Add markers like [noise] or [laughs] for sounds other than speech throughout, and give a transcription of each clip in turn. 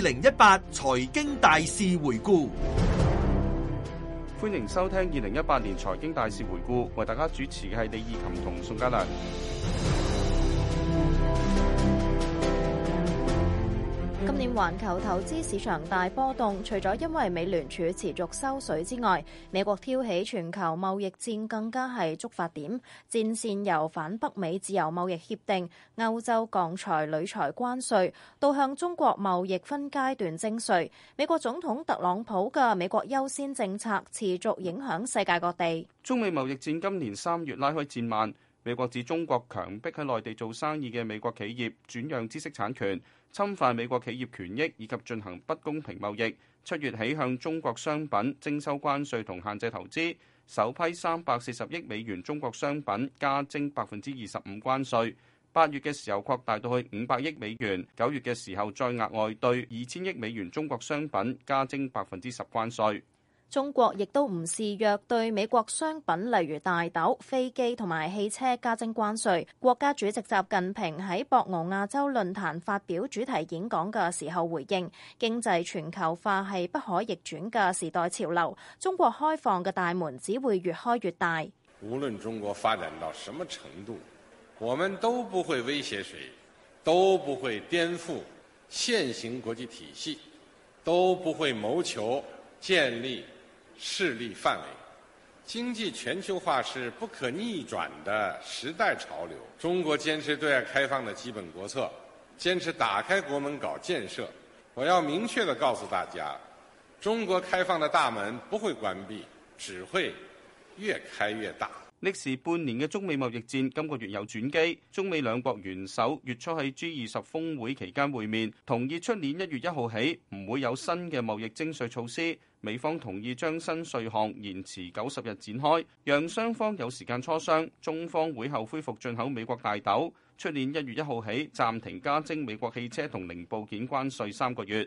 二零一八財經大事回顧，歡迎收聽二零一八年財經大事回顧，為大家主持嘅係李意琴同宋家樑。今年環球投資市場大波動，除咗因為美聯儲持續收水之外，美國挑起全球貿易戰更加係觸發點。戰線由反北美自由貿易協定、歐洲鋼材、鋁材關稅，到向中國貿易分階段徵稅。美國總統特朗普嘅美國優先政策持續影響世界各地。中美貿易戰今年三月拉開戰幔。美國指中國強迫喺內地做生意嘅美國企業轉讓知識產權、侵犯美國企業權益以及進行不公平貿易。七月起向中國商品徵收關稅同限制投資，首批三百四十億美元中國商品加徵百分之二十五關稅。八月嘅時候擴大到去五百億美元，九月嘅時候再額外對二千億美元中國商品加徵百分之十關稅。中國亦都唔示弱，對美國商品，例如大豆、飛機同埋汽車加徵關稅。國家主席習近平喺博鰲亞洲論壇發表主題演講嘅時候回應：經濟全球化係不可逆轉嘅時代潮流，中國開放嘅大門只會越開越大。無論中國發展到什麼程度，我們都不會威脅誰，都不會顛覆現行國際體系，都不會謀求建立。勢力範圍，經濟全球化是不可逆轉的時代潮流。中國堅持對外開放的基本國策，堅持打開國門搞建設。我要明確地告訴大家，中國開放的大門不會關閉，只會越開越大。歷時半年嘅中美貿易戰，今個月有轉機。中美兩國元首月初喺 G 二十峰會期間會面，同意出年一月一號起，唔會有新嘅貿易徵稅措施。美方同意將新稅項延遲九十日展開，讓雙方有時間磋商。中方會後恢復進口美國大豆，出年一月一號起暫停加徵美國汽車同零部件關稅三個月。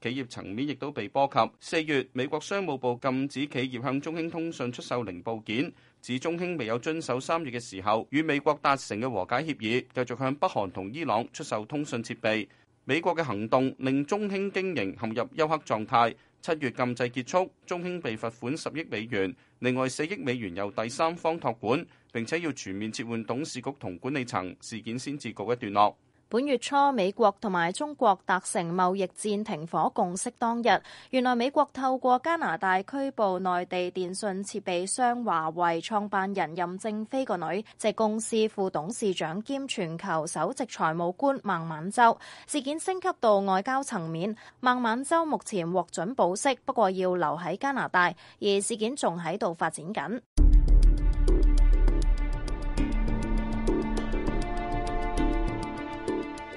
企業層面亦都被波及。四月，美國商務部禁止企業向中興通訊出售零部件，指中興未有遵守三月嘅時候與美國達成嘅和解協議，繼續向北韓同伊朗出售通訊設備。美國嘅行動令中興經營陷入休克狀態。七月禁製結束，中興被罰款十億美元，另外四億美元由第三方託管，並且要全面撤換董事局同管理層，事件先至告一段落。本月初，美國同埋中國達成貿易戰停火共識當日，原來美國透過加拿大拘捕內地電訊設備商華為創辦人任正非個女，即公司副董事長兼全球首席財務官孟晚舟。事件升級到外交層面，孟晚舟目前獲准保釋，不過要留喺加拿大，而事件仲喺度發展緊。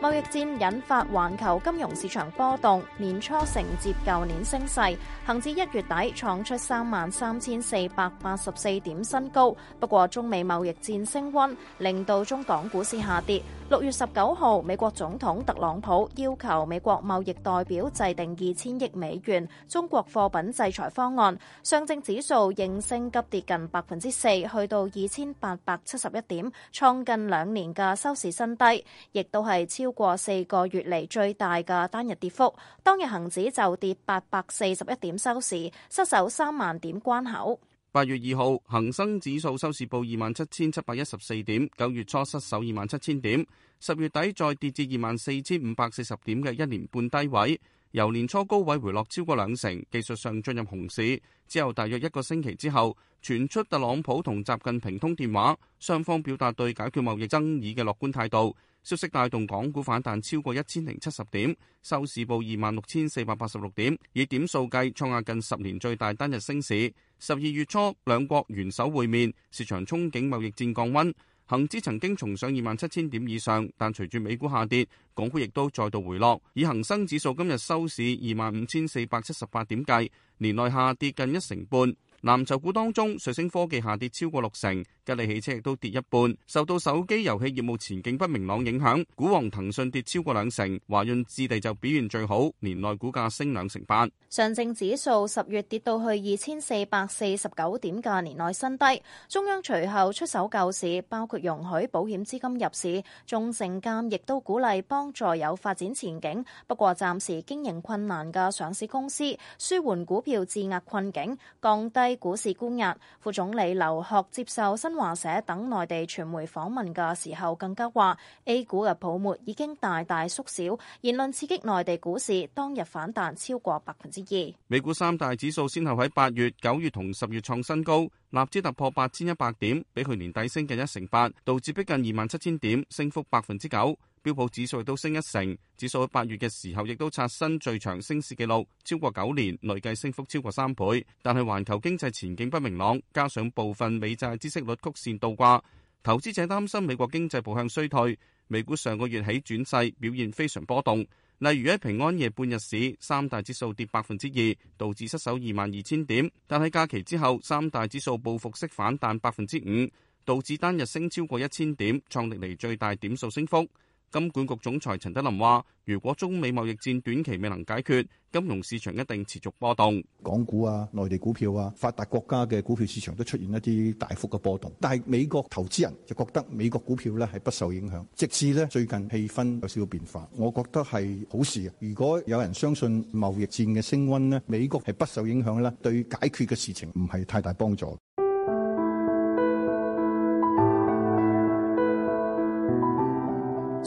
貿易戰引發環球金融市場波動，年初承接舊年升勢，行至一月底創出三萬三千四百八十四點新高。不過，中美貿易戰升溫，令到中港股市下跌。六月十九號，美國總統特朗普要求美國貿易代表制定二千億美元中國貨品制裁方案。上證指數應升急跌近百分之四，去到二千八百七十一點，創近兩年嘅收市新低，亦都係超過四個月嚟最大嘅單日跌幅。當日恒指就跌八百四十一點收市，失守三萬點關口。八月二號，恒生指數收市報二萬七千七百一十四點，九月初失守二萬七千點，十月底再跌至二萬四千五百四十點嘅一年半低位，由年初高位回落超過兩成，技術上進入熊市。之後大約一個星期之後，傳出特朗普同習近平通電話，雙方表達對解決貿易爭議嘅樂觀態度。消息帶動港股反彈超過一千零七十點，收市報二萬六千四百八十六點，以點數計創下近十年最大單日升市。十二月初兩國元首會面，市場憧憬貿易戰降溫，恒指曾經重上二萬七千點以上，但隨住美股下跌，港股亦都再度回落。以恒生指數今日收市二萬五千四百七十八點計，年內下跌近一成半。南藍籌股當中，瑞聲科技下跌超過六成，吉利汽車亦都跌一半，受到手機遊戲業務前景不明朗影響。股王騰訊跌超過兩成，華潤置地就表現最好，年內股價升兩成八。上證指數十月跌到去二千四百四十九點嘅年內新低，中央隨後出手救市，包括容許保險資金入市，中證監亦都鼓勵幫助有發展前景，不過暫時經營困難嘅上市公司，舒緩股票質押困境，降低。A 股市觀日，副總理劉鶴接受新華社等內地傳媒訪問嘅時候，更加話 A 股嘅泡沫已經大大縮小，言論刺激內地股市當日反彈超過百分之二。美股三大指數先後喺八月、九月同十月創新高，納指突破八千一百點，比去年底升近一成八，道指逼近二萬七千點，升幅百分之九。標普指數，亦都升一成，指數喺八月嘅時候亦都刷新最長升市紀錄，超過九年累計升幅超過三倍。但係環球經濟前景不明朗，加上部分美債孳息率曲線倒掛，投資者擔心美國經濟步向衰退。美股上個月起轉勢，表現非常波動。例如喺平安夜半日市，三大指數跌百分之二，導致失守二萬二千點。但係假期之後，三大指數報復式反彈百分之五，導致單日升超過一千點，創歷嚟最大點數升幅。金管局總裁陳德霖話，如果中美貿易戰短期未能解決，金融市場一定持續波動。港股啊，內地股票啊，發達國家嘅股票市場都出現一啲大幅嘅波動。但係美國投資人就覺得美國股票咧係不受影響，直至咧最近氣氛有少少變化，我覺得係好事啊。如果有人相信貿易戰嘅升溫咧，美國係不受影響咧，對解決嘅事情唔係太大幫助。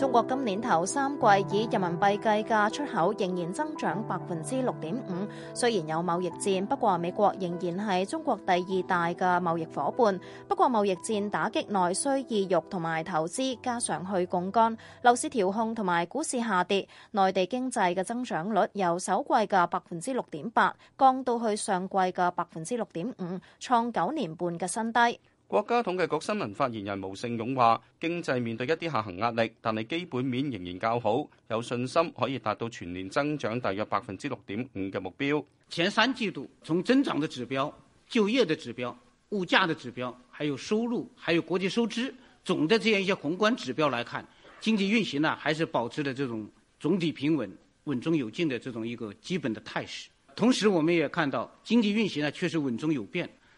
中國今年頭三季以人民幣計價出口仍然增長百分之六點五，雖然有貿易戰，不過美國仍然係中國第二大嘅貿易夥伴。不過貿易戰打擊內需意慾同埋投資，加上去槓桿、樓市調控同埋股市下跌，內地經濟嘅增長率由首季嘅百分之六點八，降到去上季嘅百分之六點五，創九年半嘅新低。國家統計局新聞發言人毛盛勇話：經濟面對一啲下行壓力，但係基本面仍然較好，有信心可以達到全年增長大約百分之六點五嘅目標。前三季度從增長的指標、就業的指標、物價的指標，還有收入、還有國際收支，總的這樣一些宏觀指標來看，經濟運行呢還是保持了這種總體平穩、穩中有進的這種一個基本的態勢。同時，我們也看到經濟運行呢確實穩中有變。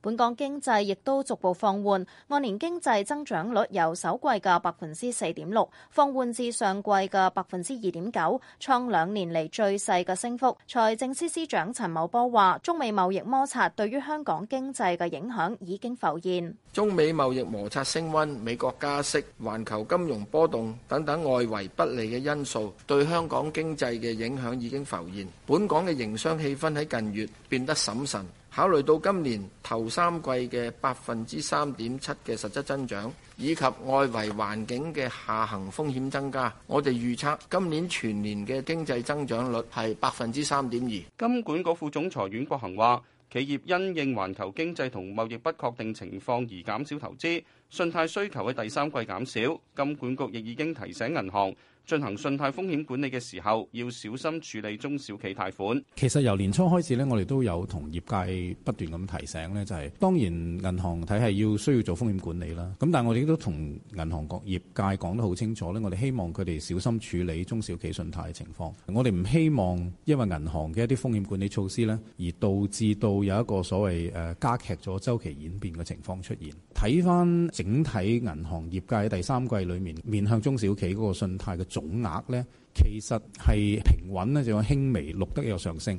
本港經濟亦都逐步放緩，按年經濟增長率由首季嘅百分之四點六放緩至上季嘅百分之二點九，創兩年嚟最細嘅升幅。財政司司長陳茂波話：中美貿易摩擦對於香港經濟嘅影響已經浮現。中美貿易摩擦升溫、美國加息、環球金融波動等等外圍不利嘅因素，對香港經濟嘅影響已經浮現。本港嘅營商氣氛喺近月變得審慎。考慮到今年頭三季嘅百分之三點七嘅實質增長，以及外圍環境嘅下行風險增加，我哋預測今年全年嘅經濟增長率係百分之三點二。金管局副總裁阮國恒話：企業因應環球經濟同貿易不確定情況而減少投資，信貸需求喺第三季減少。金管局亦已經提醒銀行。進行信貸風險管理嘅時候，要小心處理中小企貸款。其實由年初開始咧，我哋都有同業界不斷咁提醒咧，就係、是、當然銀行體系要需要做風險管理啦。咁但係我哋都同銀行各業界講得好清楚咧，我哋希望佢哋小心處理中小企信貸嘅情況。我哋唔希望因為銀行嘅一啲風險管理措施咧，而導致到有一個所謂誒加劇咗週期演變嘅情況出現。睇返整體銀行業界喺第三季裏面面向中小企嗰個信貸嘅總額呢，其實係平穩咧，仲有輕微錄得有上升。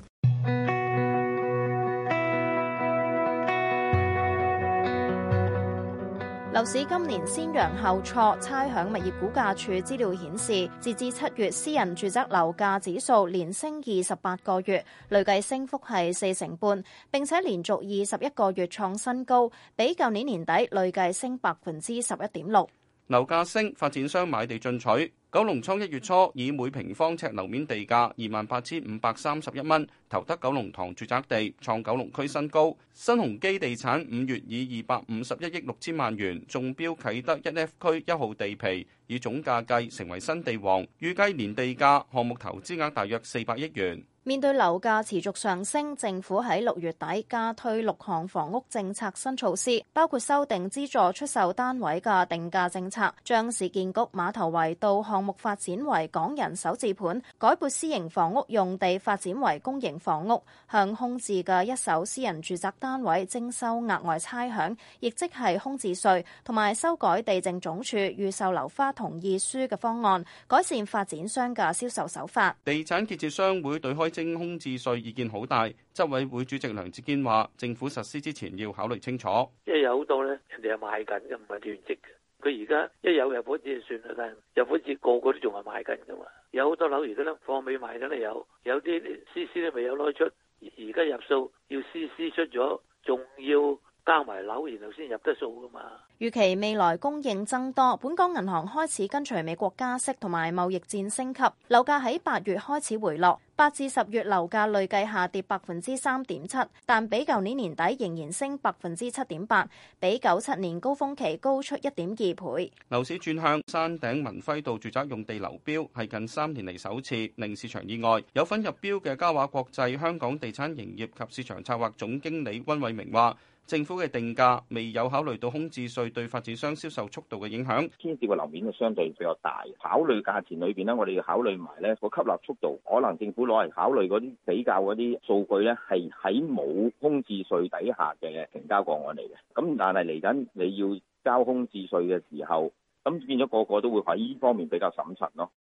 樓市今年先揚後挫，差餉物業估價署資料顯示，截至七月，私人住宅樓價指數連升二十八個月，累計升幅係四成半，並且連續二十一個月創新高，比舊年年底累計升百分之十一點六。樓價升，發展商買地進取。九龍倉一月初以每平方尺樓面地價二萬八千五百三十一蚊投得九龍塘住宅地，創九龍區新高。新鴻基地產五月以二百五十一億六千萬元中標啟德一 F 區一號地皮。以總價計，成為新地王，預計年地價、項目投資額大約四百億元。面對樓價持續上升，政府喺六月底加推六項房屋政策新措施，包括修訂資助出售單位嘅定價政策，將市建局碼頭圍道項目發展為港人首置盤，改撥私營房屋用地發展為公營房屋，向空置嘅一手私人住宅單位徵收額外差餉，亦即係空置稅，同埋修改地政總署預售樓花同意書嘅方案，改善發展商嘅銷售手法。地產建設商會對開徵空置稅意見好大。執委會主席梁志堅話，政府實施之前要考慮清楚。即係有好多咧，人哋係賣緊嘅，唔係囤積嘅。佢而家一有入伙紙就算啦，但入伙紙個個都仲係賣緊噶嘛。有好多樓而家咧放未賣緊都有，有啲 CC 都未有攞出，而家入數要 CC 出咗，仲要。加埋樓，然後先入得數㗎嘛？預期未來供應增多，本港銀行開始跟隨美國加息同埋貿易戰升級，樓價喺八月開始回落，八至十月樓價累計下跌百分之三點七，但比舊年年底仍然升百分之七點八，比九七年高峰期高出一點二倍。樓市轉向，山頂文輝道住宅用地流標係近三年嚟首次，令市場意外。有份入標嘅嘉華國際香港地產營業及市場策劃總經理溫偉明話。政府嘅定價未有考慮到空置稅對發展商銷售速度嘅影響，牽涉個樓面就相對比較大。考慮價錢裏邊咧，我哋要考慮埋咧個吸納速度。可能政府攞嚟考慮嗰啲比較嗰啲數據咧，係喺冇空置稅底下嘅嘅成交個案嚟嘅。咁但係嚟緊你要交空置稅嘅時候，咁變咗個個都會喺呢方面比較審慎咯。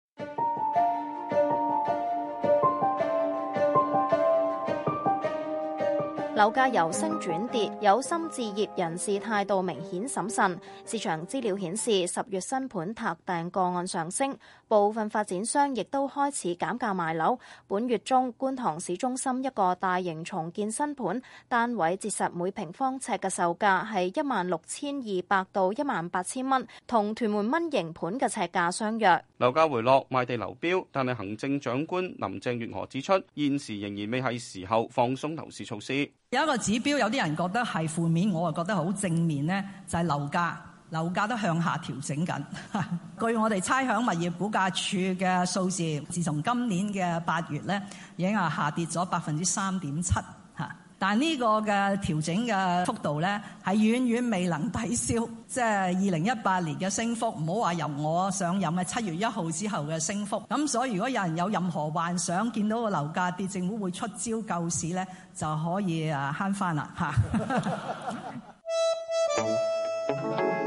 樓價由升轉跌，有心置業人士態度明顯審慎。市場資料顯示，十月新盤撻訂個案上升，部分發展商亦都開始減價賣樓。本月中，觀塘市中心一個大型重建新盤單位，折實每平方尺嘅售價係一萬六千二百到一萬八千蚊，同屯門蚊型盤嘅尺價相若。樓價回落，賣地流標，但係行政長官林鄭月娥指出，現時仍然未係時候放鬆樓市措施。有一個指標，有啲人覺得係負面，我覺得好正面，就係樓價，樓價都向下調整緊。 [laughs] 據我哋差餉物業估價署嘅數字，自從今年嘅八月已經下跌咗百分之三點七。但呢個嘅調整嘅幅度咧，係遠遠未能抵消，即係二零一八年嘅升幅。唔好話由我上任嘅七月一號之後嘅升幅。咁所以如果有人有任何幻想，見到個樓價跌，政府會出招救市咧，就可以啊慳翻啦。 [laughs] [laughs]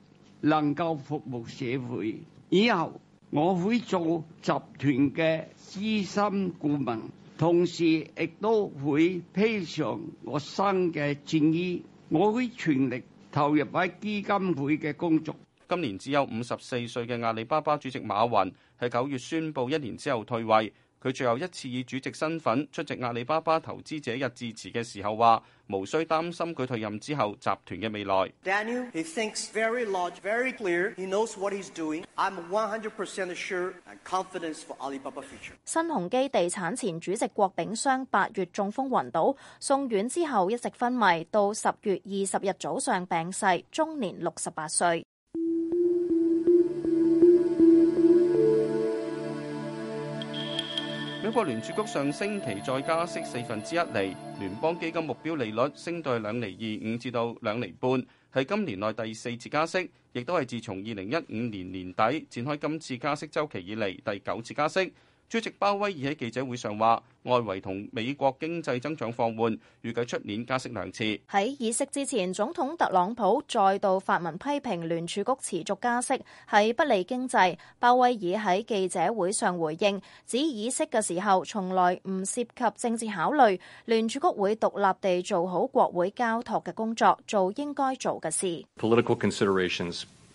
能夠服務社會，以後我會做集團嘅資深顧問，同時亦都會披上我新嘅戰衣，我會全力投入喺基金會嘅工作。今年只有五十四歲嘅阿里巴巴主席馬雲喺九月宣布一年之後退位。佢最後一次以主席身份出席阿里巴巴投資者日致辭嘅時候話：「無需擔心佢退任之後集團嘅未來。Daniel, very large, very sure. 新鴻基地產前主席郭炳湘八月中風暈倒，送院之後一直昏迷，到十月二十日早上病逝，終年六十八歲。美國聯儲局上星期再加息四分之一厘，聯邦基金目標利率升到兩厘二五至到兩厘半，係今年內第四次加息，亦都係自從二零一五年年底展開今次加息周期以嚟第九次加息。主席鮑威爾喺記者會上話：外圍同美國經濟增長放緩，預計出年加息兩次。喺議息之前，總統特朗普再度發文批評聯儲局持續加息，係不利經濟。鮑威爾喺記者會上回應：指議息嘅時候從來唔涉及政治考慮，聯儲局會獨立地做好國會交託嘅工作，做應該做嘅事。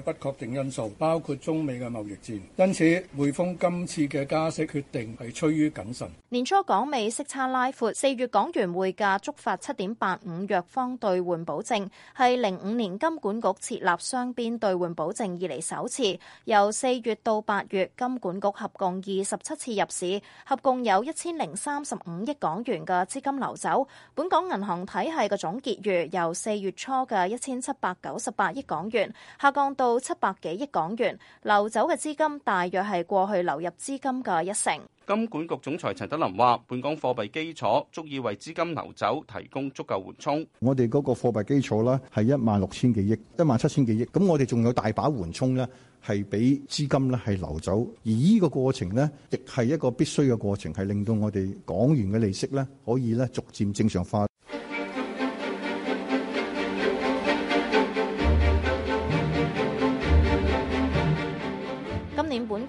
不確定因素包括中美嘅貿易戰，因此匯豐今次嘅加息決定係趨於謹慎。年初港美息差拉闊，四月港元匯價觸發七點八五弱方兌換保證，係零五年金管局設立雙邊兌換保證以嚟首次。由四月到八月，金管局合共二十七次入市，合共有一千零三十五億港元嘅資金流走。本港銀行體系嘅總結餘由四月初嘅一千七百九十八億港元下降到。到七百幾億港元流走嘅資金，大約係過去流入資金嘅一成。金管局總裁陳德霖話，本港貨幣基礎足以為資金流走提供足夠緩衝。我哋嗰個貨幣基礎咧，係一萬六千幾億、一萬七千幾億，咁我哋仲有大把緩衝咧，係俾資金咧係流走。而依個過程呢，亦係一個必須嘅過程，係令到我哋港元嘅利息咧，可以咧逐漸正常化。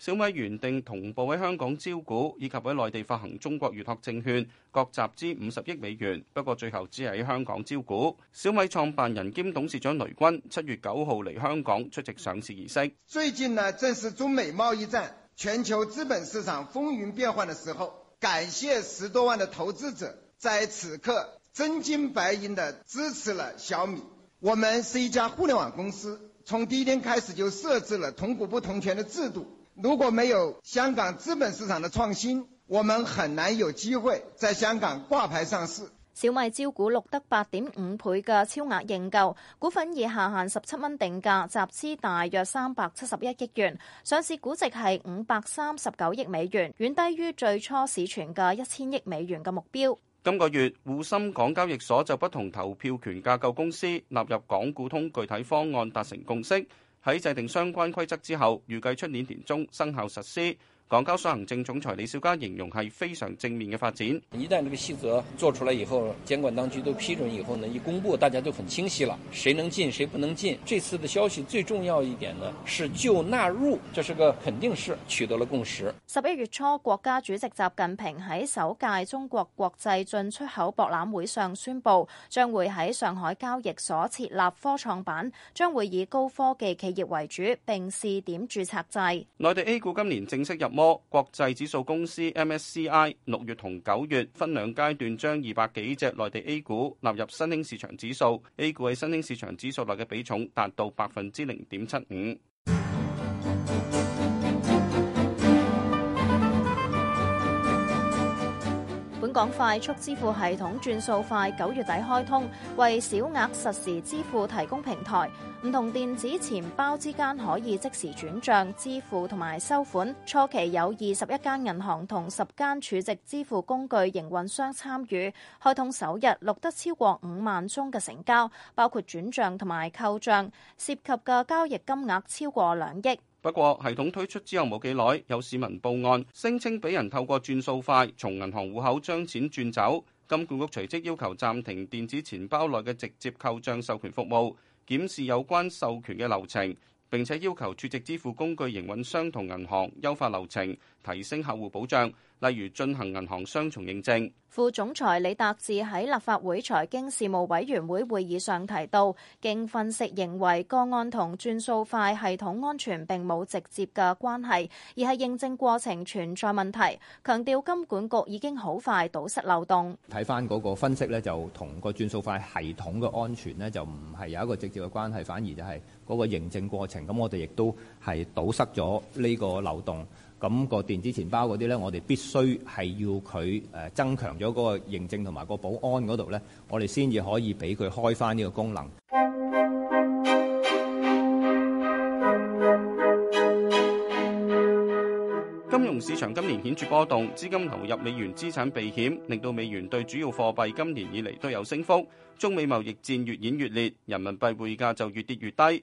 小米原定同步喺香港招股，以及喺內地發行中國預託證券，各集資五十億美元。不過最後只係喺香港招股。小米創辦人兼董事長雷軍七月九號嚟香港出席上市儀式。最近呢，正是中美貿易戰、全球資本市場風雲變幻的時候，感謝十多萬的投資者在此刻真金白銀的支持了小米。我們是一家互聯網公司，從第一天開始就設置了同股不同權的制度。如果沒有香港資本市場的創新，我們很難有機會在香港掛牌上市。小米招股錄得八點五倍嘅超額認購，股份以下限十七蚊定價集資大約三百七十一億元，上市估值係五百三十九億美元，遠低於最初市傳嘅一千億美元嘅目標。今個月，滬深港交易所就不同投票權架構公司納入港股通具體方案達成共識。喺制定相關規則之後，預計出年年中生效實施。港交所行政總裁李小加形容係非常正面嘅發展。一旦呢個細則做出來以後，監管當局都批准以後呢，一公布大家就很清晰啦，誰能進，誰不能進。這次的消息最重要一點呢，是就納入，這是個肯定是取得了共識。十一月初，國家主席習近平喺首屆中國國際進出口博覽會上宣布，將會喺上海交易所設立科創板，將會以高科技企業為主，並試點注冊制。內地 A 股今年正式入。多國際指數公司 MSCI 六月同九月分兩階段將二百幾隻內地 A 股納入新興市場指數，A 股喺新興市場指數內嘅比重達到百分之零點七五。香港快速支付系統轉數快，九月底開通，為小額實時支付提供平台。唔同電子錢包之間可以即時轉賬、支付同埋收款。初期有二十一間銀行同十間儲值支付工具營運商參與。開通首日錄得超過五萬宗嘅成交，包括轉賬同埋扣賬，涉及嘅交易金額超過兩億。不過，系統推出之後冇幾耐，有市民報案，聲稱俾人透過轉數快從銀行戶口將錢轉走。金管局隨即要求暫停電子錢包內嘅直接扣賬授權服務，檢視有關授權嘅流程，並且要求儲值支付工具營運商同銀行優化流程，提升客戶保障。例如進行銀行雙重認證。副總裁李達志喺立法會財經事務委員會會議上提到，經分析認為個案同轉數快系統安全並冇直接嘅關係，而係認證過程存在問題。強調金管局已經好快堵塞漏洞。睇翻嗰個分析咧，就同個轉數快系統嘅安全咧，就唔係有一個直接嘅關係，反而就係嗰個認證過程。咁我哋亦都係堵塞咗呢個漏洞。咁個電子錢包嗰啲呢，我哋必須係要佢誒增強咗嗰個認證同埋個保安嗰度呢，我哋先至可以俾佢開翻呢個功能。金融市場今年顯著波動，資金投入美元資產避險，令到美元對主要貨幣今年以嚟都有升幅。中美貿易戰越演越烈，人民幣匯價就越跌越低。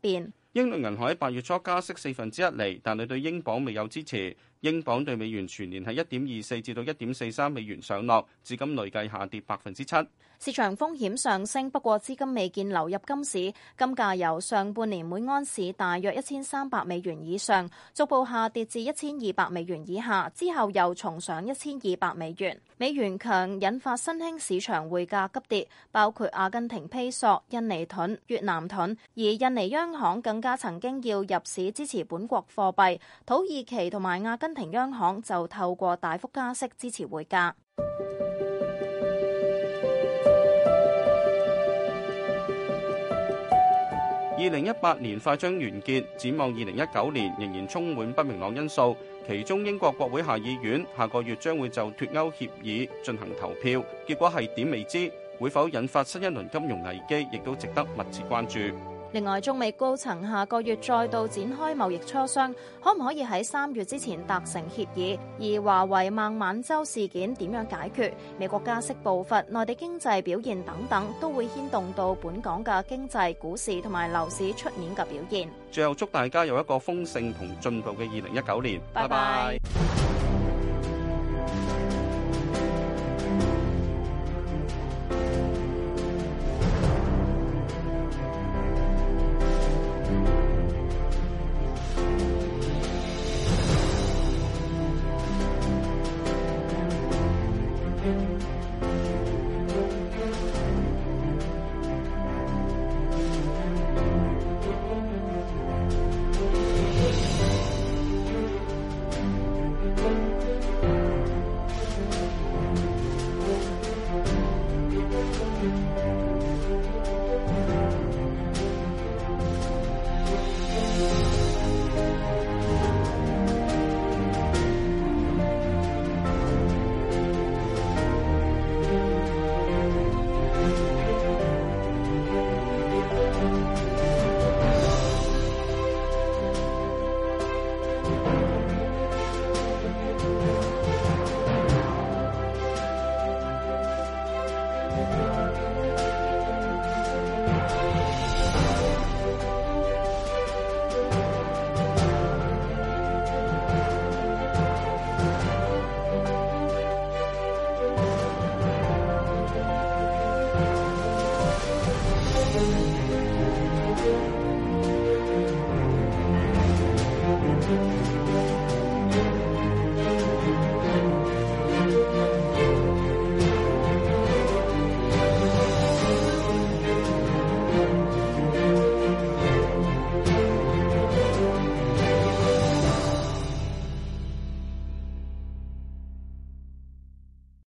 英倫銀行喺八月初加息四分之一厘，但佢對英鎊未有支持。英鎊兌美元全年喺一點二四至到一點四三美元上落，至今累計下跌百分之七。市場風險上升，不過資金未見流入金市。金價由上半年每安士大約一千三百美元以上，逐步下跌至一千二百美元以下，之後又重上一千二百美元。美元強引發新興市場匯價急跌，包括阿根廷披索、印尼盾、越南盾，而印尼央行更加曾經要入市支持本國貨幣。土耳其同埋亞根。廷央行就透過大幅加息支持匯價。二零一八年快將完結，展望二零一九年仍然充滿不明朗因素。其中英國國會下議院下個月將會就脱歐協議進行投票，結果係點未知，會否引發新一輪金融危機，亦都值得密切關注。另外，中美高層下個月再度展開貿易磋商，可唔可以喺三月之前達成協議？而華為孟晚舟事件點樣解決？美國加息步伐、內地經濟表現等等，都會牽動到本港嘅經濟、股市同埋樓市出面嘅表現。最後祝大家有一個豐盛同進步嘅二零一九年。拜拜。